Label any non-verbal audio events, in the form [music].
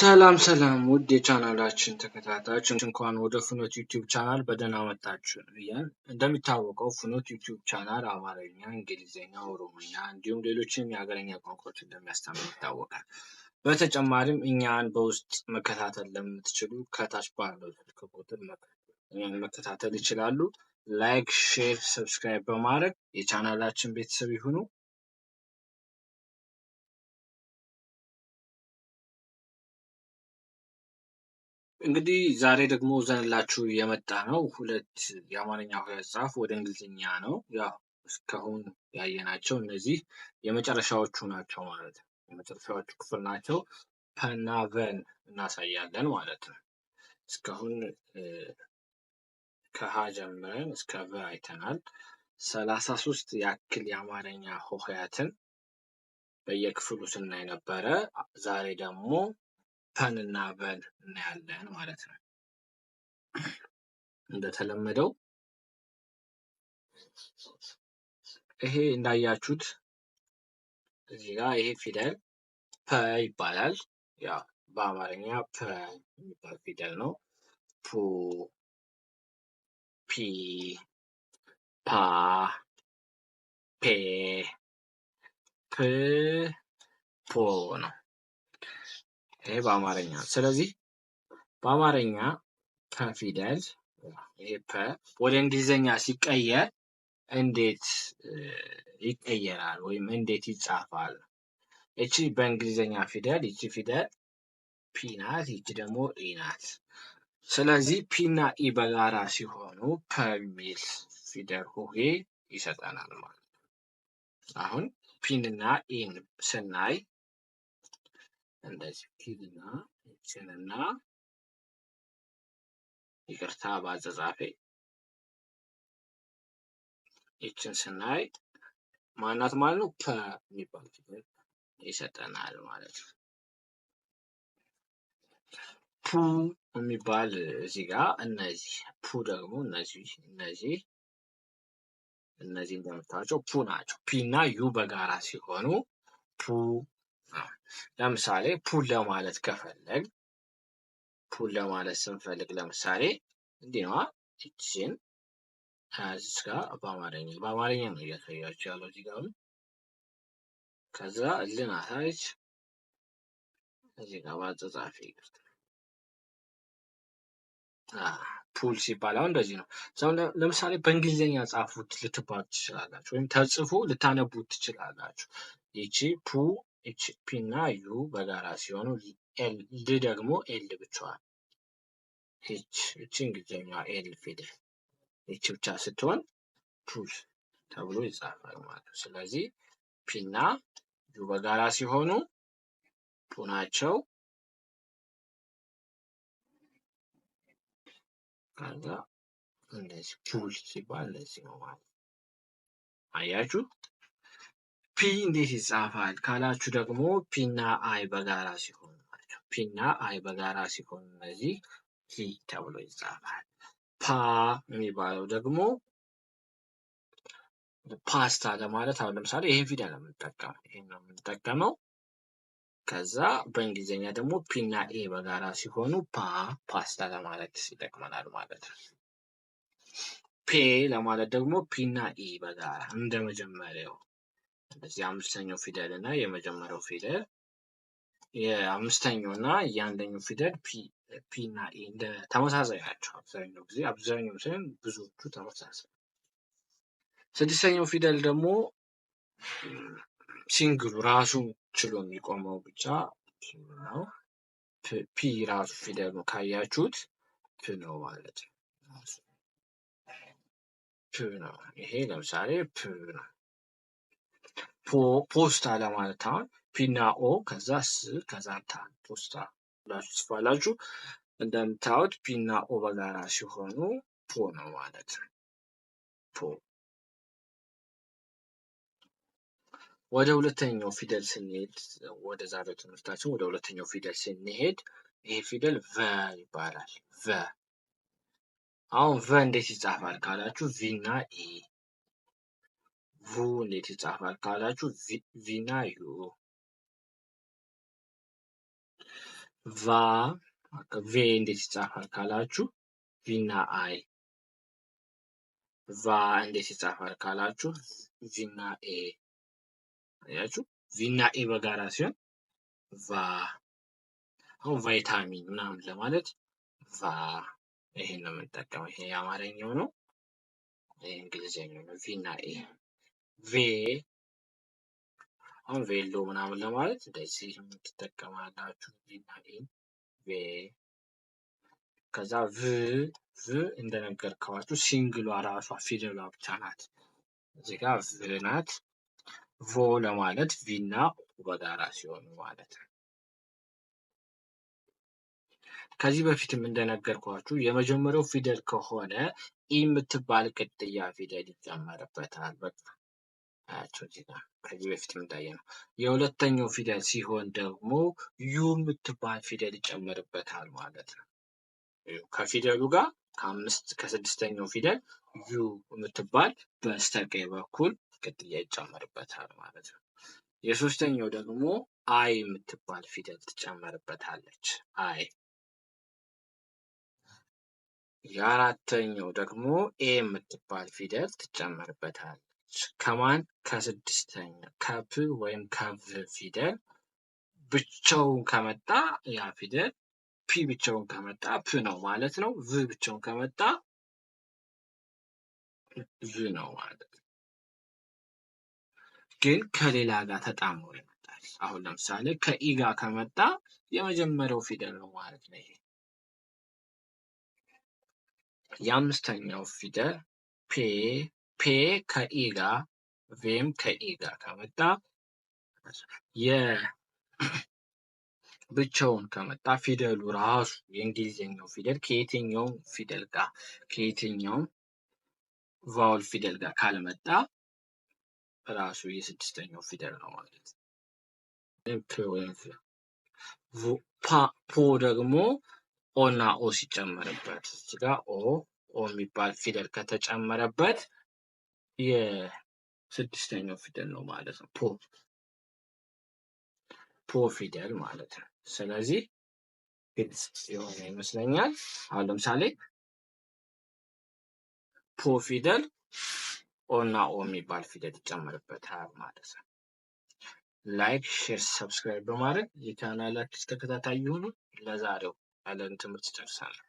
ሰላም ሰላም ውድ የቻናላችን ተከታታዮች እንኳን ወደ ፍኖት ዩቲዩብ ቻናል በደህና መጣችሁ እያል እንደሚታወቀው ፍኖት ዩቲዩብ ቻናል አማርኛ፣ እንግሊዝኛ፣ ኦሮምኛ እንዲሁም ሌሎችንም የሀገረኛ ቋንቋዎች እንደሚያስተምር ይታወቃል። በተጨማሪም እኛን በውስጥ መከታተል ለምትችሉ ከታች ባለው ስልክ ቁጥር መከታተል ይችላሉ። ላይክ፣ ሼር፣ ሰብስክራይብ በማድረግ የቻናላችን ቤተሰብ ይሁኑ። እንግዲህ ዛሬ ደግሞ ዘንላችሁ የመጣ ነው ሁለት የአማርኛ መጽሐፍ ወደ እንግሊዝኛ ነው። ያው እስካሁን ያየናቸው እነዚህ የመጨረሻዎቹ ናቸው ማለት ነው። የመጨረሻዎቹ ክፍል ናቸው። ፐናቨን ቨን እናሳያለን ማለት ነው። እስካሁን ከሀ ጀምረን እስከ ቨ አይተናል። ሰላሳ ሶስት ያክል የአማርኛ ሆሄያትን በየክፍሉ ስናይ ነበረ። ዛሬ ደግሞ እና በል እናያለን ማለት ነው። እንደተለመደው ይሄ እንዳያችሁት እዚህ ጋር ይሄ ፊደል ፐ ይባላል። ያ በአማርኛ ፐ የሚባል ፊደል ነው። ፑ፣ ፒ፣ ፓ፣ ፔ፣ ፕ፣ ፖ ነው። ይሄ በአማርኛ ስለዚህ በአማርኛ ከፊደል ወደ እንግሊዝኛ ሲቀየር እንዴት ይቀየራል ወይም እንዴት ይጻፋል? እቺ በእንግሊዝኛ ፊደል ይቺ ፊደል ፒ ናት። ይቺ ደግሞ ኢ ናት። ስለዚህ ፒና ኢ በጋራ ሲሆኑ ፐሚል ፊደል ሆሄ ይሰጠናል ማለት አሁን ፒንና ኢን ስናይ እንደዚህ ኪልና ይችንና ይቅርታ በአጸጻፌ ይችን ስናይ ማናት ማለት ነው ፐ የሚባል ፊደል ይሰጠናል ማለት ነው። ፑ የሚባል እዚህ ጋር እነዚህ ፑ ደግሞ እነዚህ እነዚህ እነዚህ እንደምታቸው ፑ ናቸው። ፒ እና ዩ በጋራ ሲሆኑ ፑ ለምሳሌ ፑል ለማለት ከፈለግ ፑል ለማለት ስንፈልግ ለምሳሌ እንዲህ ነዋ። እችን እዚህ ጋር በአማርኛ በአማርኛ ነው እያሳያቸው ያለው እዚህ ጋ ከዛ ልናታች እዚህ ጋ በአጸጻፊ ፑል ሲባል አሁን እንደዚህ ነው። ለምሳሌ በእንግሊዝኛ ጻፉት ልትባሉ ትችላላችሁ፣ ወይም ተጽፎ ልታነቡት ትችላላችሁ። ይቺ ፑ ኤች ፒ እና ዩ በጋራ ሲሆኑ ል ደግሞ ኤል ብቻዋን ኤች እቺ እንግሊዝኛ ኤል ፊደል ኤች ብቻ ስትሆን ፑል ተብሎ ይጻፋል ማለት ነው። ስለዚህ ፒ እና ዩ በጋራ ሲሆኑ ፑ ናቸው። ከዛ እንደዚህ ፑል ሲባል እንደዚህ ነው ማለት አያችሁ። ፒ እንዴት ይጻፋል ካላችሁ ደግሞ ፒ እና አይ በጋራ ሲሆን ፒ እና አይ በጋራ ሲሆን እነዚህ ፒ ተብሎ ይጻፋል። ፓ የሚባለው ደግሞ ፓስታ ለማለት አሁን ለምሳሌ ይሄን ፊደል ነው የምንጠቀመው። ይሄን ነው የምንጠቀመው። ከዛ በእንግሊዝኛ ደግሞ ፒና ኤ በጋራ ሲሆኑ ፓ ፓስታ ለማለት ይጠቅመናል ማለት ነው። ፔ ለማለት ደግሞ ፒና ኤ በጋራ እንደ መጀመሪያው ስለዚህ አምስተኛው ፊደል እና የመጀመሪያው ፊደል የአምስተኛው እና የአንደኛው ፊደል ፒ እና ኢ እንደ ተመሳሳይ ናቸው። አብዛኛው ጊዜ አብዛኛው ሳይሆን ብዙዎቹ ተመሳሳይ። ስድስተኛው ፊደል ደግሞ ሲንግሉ ራሱ ችሎ የሚቆመው ብቻ ነው። ፒ ራሱ ፊደል ነው ካያችሁት ፕ ነው ማለት ነው። ፕ ነው ይሄ ለምሳሌ ፕ ነው። ፖስታ ለማለት አሁን ፒና ኦ ከዛ ስ ከዛ ታ ፖስታ ብላችሁ ጽፋላችሁ። እንደምታዩት ፒና ኦ በጋራ ሲሆኑ ፖ ነው ማለት ነው። ፖ ወደ ሁለተኛው ፊደል ስንሄድ ወደ ዛሬው ትምህርታችን ወደ ሁለተኛው ፊደል ስንሄድ ይሄ ፊደል ቨ ይባላል። ቨ አሁን ቨ እንዴት ይጻፋል ካላችሁ ቪና ኢ ቪ እንዴት ይጻፋል ካላችሁ ቪና ዩ ቫ ቬ እንዴት ይጻፋል ካላችሁ ቪና አይ ቫ እንዴት ይጻፋል ካላችሁ ቪና ኤ አያችሁ ቪና ኤ በጋራ ሲሆን ቫ አሁን ቫይታሚን ምናምን ለማለት ቫ ይሄን ነው የምንጠቀመው። ይሄ የአማርኛው ነው፣ ይሄ እንግሊዝኛው ነው። ቪና ኤ ቬ አሁን ቬሎ ምናምን ለማለት እንደዚህ የምትጠቀማላችሁ ቪና ቬ ከዛ ቭ ቭ እንደነገርከዋችሁ ሲንግሏ ራሷ ፊደሏ ብቻ ናት። እዚህ ጋር ቭ ናት። ቮ ለማለት ቪና በጋራ ሲሆኑ ማለት ነው። ከዚህ በፊትም እንደነገርኳችሁ የመጀመሪያው ፊደል ከሆነ ኢ የምትባል ቅጥያ ፊደል ይጨመርበታል። በቃ አያቸው እዚህ ጋር ከዚህ በፊት የምታየ ነው። የሁለተኛው ፊደል ሲሆን ደግሞ ዩ የምትባል ፊደል ይጨመርበታል ማለት ነው። ከፊደሉ ጋር ከአምስት ከስድስተኛው ፊደል ዩ የምትባል በስተቀኝ በኩል ቅጥያ ይጨመርበታል ማለት ነው። የሶስተኛው ደግሞ አይ የምትባል ፊደል ትጨመርበታለች። አይ የአራተኛው ደግሞ ኤ የምትባል ፊደል ትጨመርበታል ከማን ከስድስተኛ ከፕ ወይም ከቭ ፊደል ብቻውን ከመጣ ያ ፊደል ፒ ብቻውን ከመጣ ፕ ነው ማለት ነው። ቭ ብቻውን ከመጣ ቭ ነው ማለት ነው። ግን ከሌላ ጋር ተጣምሮ ይመጣል። አሁን ለምሳሌ ከኢ ጋር ከመጣ የመጀመሪያው ፊደል ነው ማለት ነው። ይሄ የአምስተኛው ፊደል ፔ ፔ ከኢ ጋር ቬም ከኢ ጋር ከመጣ [clears throat] ብቻውን ከመጣ ፊደሉ ራሱ የእንግሊዝኛው ፊደል ከየትኛውም ፊደል ጋር ከየትኛውም ቫውል ፊደል ጋር ካልመጣ ራሱ የስድስተኛው ፊደል ነው ማለት ፖ ደግሞ ኦና ኦ ሲጨመርበት እዚጋ ኦ ኦ የሚባል ፊደል ከተጨመረበት የስድስተኛው ፊደል ነው ማለት ነው። ፖ ፖ ፊደል ማለት ነው። ስለዚህ ግልጽ የሆነ ይመስለኛል። አሁን ለምሳሌ ፖ ፊደል ኦና ኦ የሚባል ፊደል ይጨመርበታል ማለት ነው። ላይክ፣ ሼር፣ ሰብስክራይብ በማድረግ የቻናላችን ተከታታይ ይሁኑ። ለዛሬው ያለን ትምህርት ጨርሳለሁ።